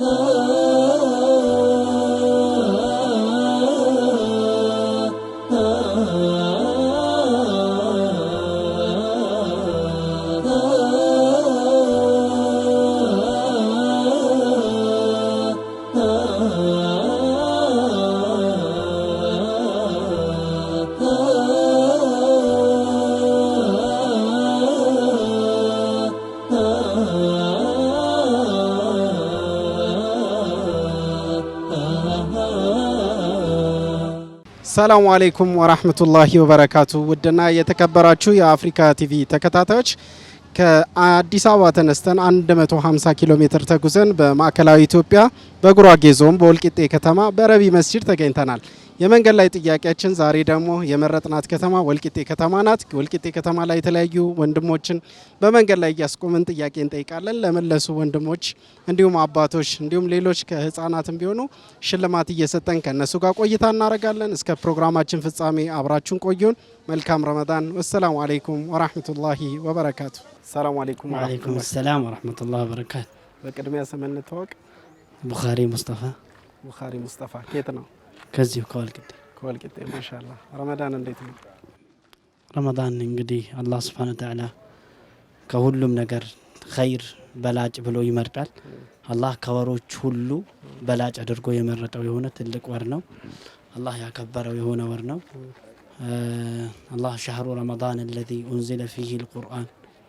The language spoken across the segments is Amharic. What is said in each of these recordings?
Oh. ሰላሙ አሌይኩም ወራህመቱላሂ ወበረካቱ። ውድና የተከበራችሁ የአፍሪካ ቲቪ ተከታታዮች ከአዲስ አበባ ተነስተን 150 ኪሎ ሜትር ተጉዘን በማዕከላዊ ኢትዮጵያ በጉራጌ ዞን በወልቂጤ ከተማ በረቢ መስጂድ ተገኝተናል። የመንገድ ላይ ጥያቄያችን ዛሬ ደግሞ የመረጥናት ከተማ ወልቂጤ ከተማ ናት። ወልቂጤ ከተማ ላይ የተለያዩ ወንድሞችን በመንገድ ላይ እያስቆምን ጥያቄ እንጠይቃለን። ለመለሱ ወንድሞች እንዲሁም አባቶች እንዲሁም ሌሎች ከህፃናትም ቢሆኑ ሽልማት እየሰጠን ከእነሱ ጋር ቆይታ እናደርጋለን። እስከ ፕሮግራማችን ፍጻሜ አብራችሁን ቆዩን። መልካም ረመዳን። ወሰላሙ አለይኩም ወራህመቱላሂ ወበረካቱ። ሰላሙ አለይኩም ወአለይኩም ሰላም ወራህመቱላሂ ወበረካቱ። በቅድሚያ ስም እንታወቅ። ቡኻሪ ሙስጠፋ። ቡኻሪ ሙስጠፋ ኬት ነው ከዚሁ ከወልቅጤ ከወልቅጤ ማሻላ ረመዳን እንዴት ነው? ረመዳን እንግዲህ አላህ ስብን ተዓላ ከሁሉም ነገር ኸይር በላጭ ብሎ ይመርጣል። አላህ ከወሮች ሁሉ በላጭ አድርጎ የመረጠው የሆነ ትልቅ ወር ነው። አላህ ያከበረው የሆነ ወር ነው። አላህ ሻህሩ ረመዳን አለዚ ኡንዚለ ፊህ ልቁርአን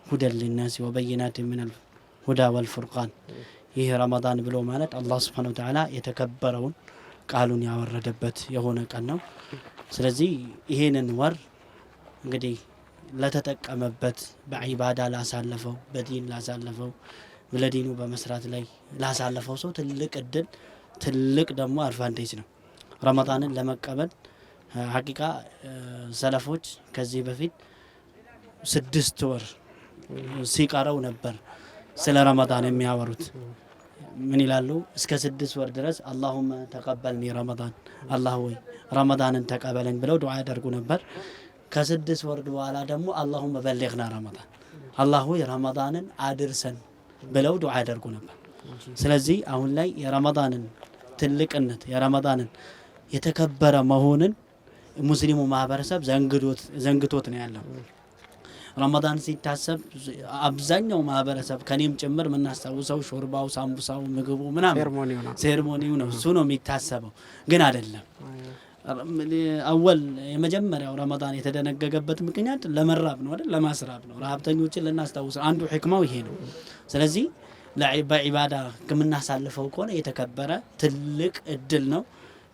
ሁደን ሊናሲ ወበይናት ምን ሁዳ ወልፉርቃን ይህ ረመዳን ብሎ ማለት አላህ ስብሓነ ተዓላ የተከበረውን ቃሉን ያወረደበት የሆነ ቀን ነው። ስለዚህ ይሄንን ወር እንግዲህ ለተጠቀመበት በዒባዳ ላሳለፈው፣ በዲን ላሳለፈው፣ ለዲኑ በመስራት ላይ ላሳለፈው ሰው ትልቅ እድል ትልቅ ደግሞ አድቫንቴጅ ነው። ረመጣንን ለመቀበል ሀቂቃ ሰለፎች ከዚህ በፊት ስድስት ወር ሲቀረው ነበር ስለ ረመጣን የሚያወሩት። ምን ይላሉ? እስከ ስድስት ወር ድረስ አላሁመ ተቀበልኒ ረመዳን፣ አላህ ወይ ረመዳንን ተቀበለኝ ብለው ዱዓ ያደርጉ ነበር። ከስድስት ወር በኋላ ደግሞ አላሁመ በሌግና ረመዳን፣ አላህ ወይ ረመዳንን አድርሰን ብለው ዱዓ ያደርጉ ነበር። ስለዚህ አሁን ላይ የረመዳንን ትልቅነት የረመዳንን የተከበረ መሆንን ሙስሊሙ ማህበረሰብ ዘንግቶት ነው ያለው። ረመዳን ሲታሰብ አብዛኛው ማህበረሰብ ከኔም ጭምር የምናስታውሰው ሾርባው፣ ሳምቡሳው፣ ምግቡ ምናምን ሴርሞኒው ነው። እሱ ነው የሚታሰበው፣ ግን አይደለም። አወል የመጀመሪያው ረመዳን የተደነገገበት ምክንያት ለመራብ ነው አይደል? ለማስራብ ነው። ረሀብተኞችን ልናስታውስ አንዱ ሕክማው ይሄ ነው። ስለዚህ በዒባዳ ከምናሳልፈው ከሆነ የተከበረ ትልቅ እድል ነው።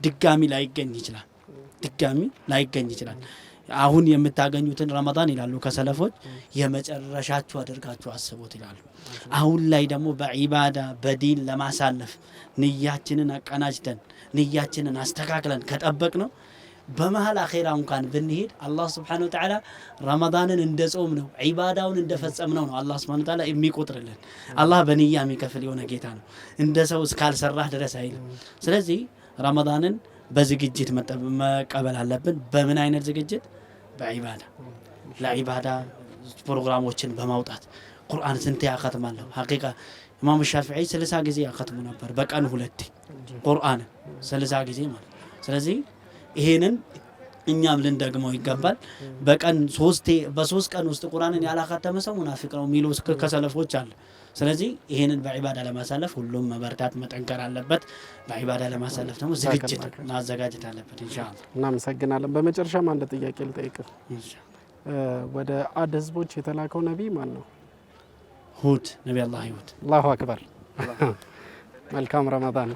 ድጋሚ ላይገኝ ይችላል። ድጋሚ ላይገኝ ይችላል። አሁን የምታገኙትን ረመዳን ይላሉ ከሰለፎች የመጨረሻችሁ አድርጋችሁ አስቡት ይላሉ። አሁን ላይ ደግሞ በዒባዳ በዲን ለማሳለፍ ንያችንን አቀናጅተን ንያችንን አስተካክለን ከጠበቅ ነው በመሀል አኼራ እንኳን ብንሄድ አላህ ስብሓነሁ ወተዓላ ረመዳንን እንደ ጾም ነው፣ ዒባዳውን እንደ ፈጸም ነው ነው አላህ ስብሓነሁ ወተዓላ የሚቆጥርልን። አላህ በንያ የሚከፍል የሆነ ጌታ ነው። እንደ ሰው እስካልሰራህ ድረስ አይልም። ስለዚህ ረመዳንን በዝግጅት መቀበል አለብን። በምን አይነት ዝግጅት? በዒባዳ ለዒባዳ ፕሮግራሞችን በማውጣት ቁርአን ስንት ያከትማለሁ? ሀቂቃ ኢማሙ ሻፊዒ ስልሳ ጊዜ ያከትሙ ነበር፣ በቀን ሁለቴ ቁርአን ስልሳ ጊዜ ማለት። ስለዚህ ይሄንን እኛም ልንደግመው ይገባል። በቀን ሶስቴ በሶስት ቀን ውስጥ ቁርአንን ያላከተመ ሰው ሙናፊቅ ነው የሚሉ ከሰለፎች አለ። ስለዚህ ይህንን በዒባዳ ለማሳለፍ ሁሉም መበርታት መጠንከር አለበት። በዒባዳ ለማሳለፍ ደግሞ ዝግጅት ማዘጋጀት አለበት። ኢንሻአላህ እናመሰግናለን። በመጨረሻም አንድ ጥያቄ ልጠይቅ። ወደ አድ ህዝቦች የተላከው ነቢይ ማን ነው? ሁድ ነቢ አላህ ሁድ። አላሁ አክበር። መልካም ረመዳን።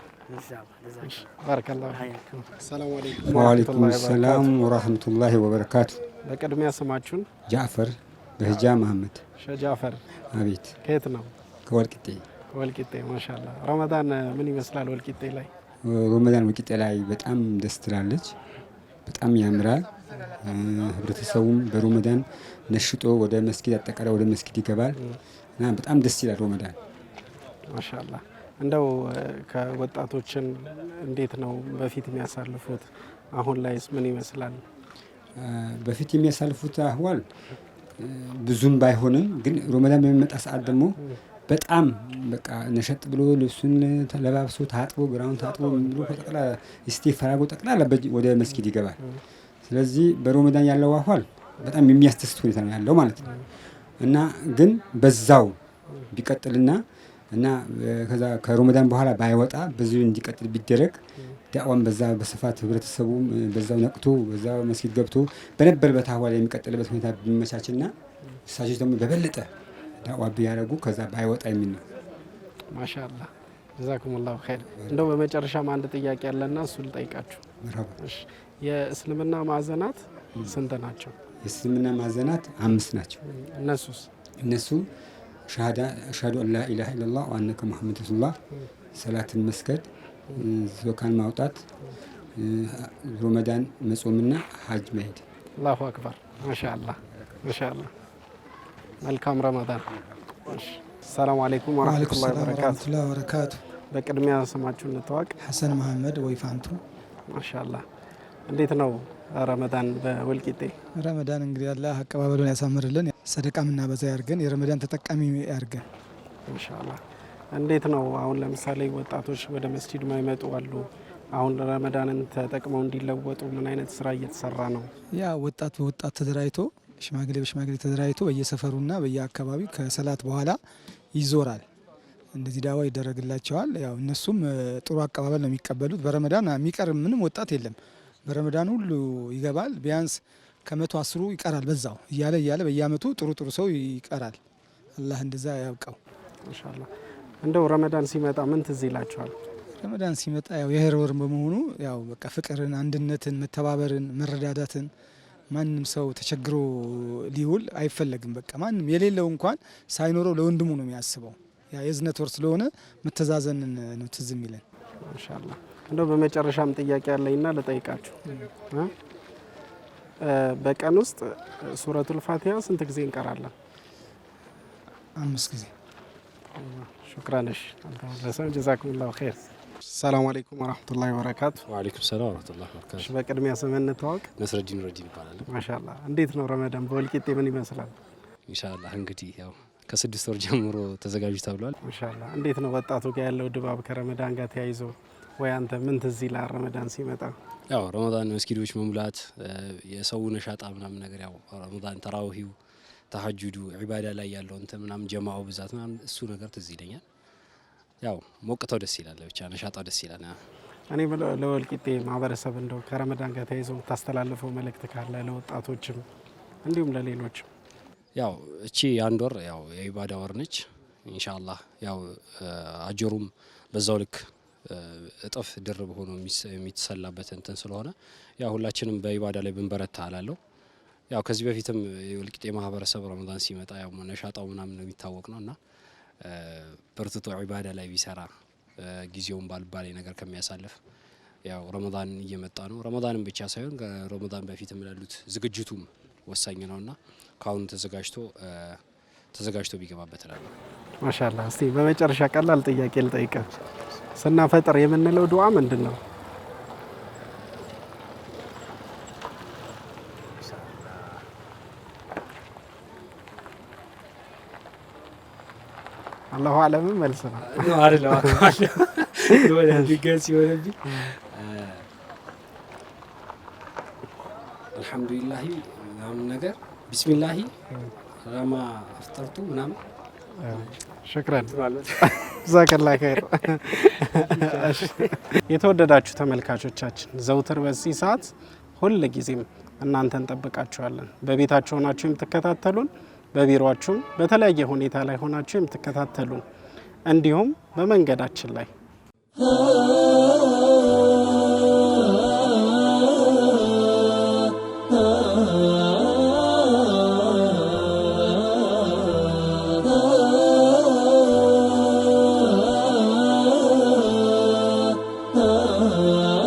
ወአለይኩም ሰላም ወራህመቱላሂ ወበረካቱ። በቅድሚያ ስማችሁን? ጃፈር በህጃ መሀመድ። ሸጃፈር አቤት። ከየት ነው? ከወልቂጤ ወልቂጤ ማሻላ ረመዳን ምን ይመስላል? ወልቂጤ ላይ ረመዳን ወልቂጤ ላይ በጣም ደስ ትላለች። በጣም ያምራል። ህብረተሰቡም በሮመዳን ነሽጦ ወደ መስጊድ አጠቃላይ ወደ መስጊድ ይገባል እና በጣም ደስ ይላል ሮመዳን ማሻላ። እንደው ከወጣቶችን እንዴት ነው በፊት የሚያሳልፉት? አሁን ላይስ ምን ይመስላል? በፊት የሚያሳልፉት አህዋል ብዙም ባይሆንም ግን ሮመዳን በሚመጣ ሰዓት ደግሞ በጣም በቃ ነሸጥ ብሎ ልብሱን ለባብሶ ታጥቦ ግራውን ታጥቦ ብሎ ጠቅላ ስቴፍ ፈራጎ ጠቅላላ ወደ መስጊድ ይገባል። ስለዚህ በሮመዳን ያለው አኋል በጣም የሚያስደስት ሁኔታ ነው ያለው ማለት ነው እና ግን በዛው ቢቀጥልና እና ከዛ ከሮመዳን በኋላ ባይወጣ በዚሁ እንዲቀጥል ቢደረግ ዳዕዋን በዛ በስፋት ህብረተሰቡ በዛው ነቅቶ በዛው መስጊድ ገብቶ በነበርበት አኋል የሚቀጥልበት ሁኔታ ቢመቻችና እሳቸው ደግሞ በበለጠ ዳዕዋ ቢያደርጉ ከዛ ባይወጣ የሚል ነው። ማሻላ ጀዛኩም ላሁ ኸይር። እንደው በመጨረሻም አንድ ጥያቄ ያለና እሱ ልጠይቃችሁ። የእስልምና ማዕዘናት ስንት ናቸው? የእስልምና ማዕዘናት አምስት ናቸው። እነሱስ እነሱ አሽሀዱ አን ላኢላሀ ኢለላህ ዋነከ መሐመድ ረሱሉላህ፣ ሰላትን መስገድ፣ ዘካን ማውጣት፣ ሮመዳን መጾምና ሀጅ መሄድ። አላሁ አክበር። ማሻላ ማሻላ። መልካም ረመዳን። ሰላም አለይኩም ወራህመቱላሂ ወበረካቱ። በቅድሚያ ስማችሁን እንተዋወቅ። ሐሰን መሐመድ ወይፋንቱ። ማሻላ እንዴት ነው ረመዳን በወልቂጤ? ረመዳን እንግዲህ አላህ አቀባበሉን ያሳምርልን፣ ሰደቃ ምናበዛ ያርገን፣ የረመዳን ተጠቃሚ ያርገን ኢንሻአላ። እንዴት ነው አሁን ለምሳሌ ወጣቶች ወደ መስጂድ ማይመጡ አሉ። አሁን ረመዳንን ተጠቅመው እንዲለወጡ ምን አይነት ስራ እየተሰራ ነው? ያ ወጣት በወጣት ተደራጅቶ ሽማግሌ በሽማግሌ ተደራጅቶ በየሰፈሩና በየአካባቢው ከሰላት በኋላ ይዞራል። እንደዚህ ዳዋ ይደረግላቸዋል። ያው እነሱም ጥሩ አቀባበል ነው የሚቀበሉት። በረመዳን የሚቀር ምንም ወጣት የለም። በረመዳን ሁሉ ይገባል። ቢያንስ ከመቶ አስሩ ይቀራል። በዛው እያለ እያለ በየአመቱ ጥሩ ጥሩ ሰው ይቀራል። አላህ እንደዛ ያውቀው ኢንሻአላህ። እንደው ረመዳን ሲመጣ ምን ትዝ ይላቸዋል? ረመዳን ሲመጣ ያው የህር ወር በመሆኑ ያው በቃ ፍቅርን፣ አንድነትን፣ መተባበርን፣ መረዳዳትን ማንም ሰው ተቸግሮ ሊውል አይፈለግም። በቃ ማንም የሌለው እንኳን ሳይኖረው ለወንድሙ ነው የሚያስበው። ያ የዝነት ወር ስለሆነ መተዛዘንን ነው ትዝ የሚለን ኢንሻላህ። እንደው በመጨረሻም ጥያቄ ያለኝና ልጠይቃችሁ፣ በቀን ውስጥ ሱረቱል ፋቲሃ ስንት ጊዜ እንቀራለን? አምስት ጊዜ። ሹክራንሽ አልተመለሰም። ጀዛኩሙላሁ ኸይር ሰላም አለይኩም ወራህመቱላሂ ወበረካቱ። ወአለይኩም ሰላም ወራህመቱላሂ ወበረካቱ። እሺ በቅድሚያ ስምህን እንተዋወቅ። ነስረዲን ረዲን ይባላል። ማሻላ እንዴት ነው ረመዳን በወልቂጤ ምን ይመስላል? ኢንሻአላ እንግዲህ ያው ከስድስት ወር ጀምሮ ተዘጋጁ ተብሏል። ማሻላ እንዴት ነው ወጣቱ ጋር ያለው ድባብ ከረመዳን ጋር ተያይዞ ወይ አንተ ምን ትዝ ይላል ረመዳን ሲመጣ? ያው ረመዳን መስጊዶች መሙላት የሰው ነሻጣ ምናምን ነገር ያው ረመዳን ተራውሂው ተሀጁዱ ዒባዳ ላይ ያለው እንትን ምናምን ጀማው ብዛት ምናምን እሱ ነገር ትዝ ይለኛል። ያው ሞቅተው ደስ ይላል፣ ብቻ ነሻጣው ደስ ይላል። እኔ ለወልቂጤ ማህበረሰብ እንደው ከረመዳን ጋር ተያይዞ ታስተላልፈው መልእክት ካለ ለወጣቶችም እንዲሁም ለሌሎችም ያው እቺ አንድ ወር ያው የኢባዳ ወር ነች። ኢንሻአላህ ያው አጀሩም በዛው ልክ እጥፍ ድርብ ሆኖ የሚተሰላበት እንትን ስለሆነ ያው ሁላችንም በኢባዳ ላይ ብንበረታ አላለሁ። ያው ከዚህ በፊትም የወልቂጤ ማህበረሰብ ረመዳን ሲመጣ ያው ነሻጣው ምናምን የሚታወቅ ነው እና በርትቶ ዒባዳ ላይ ቢሰራ ጊዜውን ባልባሌ ነገር ከሚያሳልፍ ያው ረመዳን እየመጣ ነው። ረመዳንን ብቻ ሳይሆን ከረመዳን በፊት የምላሉት ዝግጅቱም ወሳኝ እና ከአሁኑ ተዘጋጅቶ ተዘጋጅቶ ቢገባበት እላለሁ። ማሻላ። እስቲ በመጨረሻ ቀላል ጥያቄ ልጠይቀ ስናፈጥር የምንለው ዱዓ ምንድን ነው? አላሁ አለምን መልስ ነው አይደለም አልሐምዱሊላሂ ምናምን ነገር ቢስሚላሂ ረማ አፍጠርቱ ምናምን ሽክረን ዛከላ ኸይር። የተወደዳችሁ ተመልካቾቻችን ዘውትር በዚህ ሰዓት ሁል ጊዜም እናንተን እንጠብቃችኋለን። በቤታችሁ ሆናችሁ የምትከታተሉን በቢሮአችሁ በተለያየ ሁኔታ ላይ ሆናችሁ የምትከታተሉ እንዲሁም በመንገዳችን ላይ Oh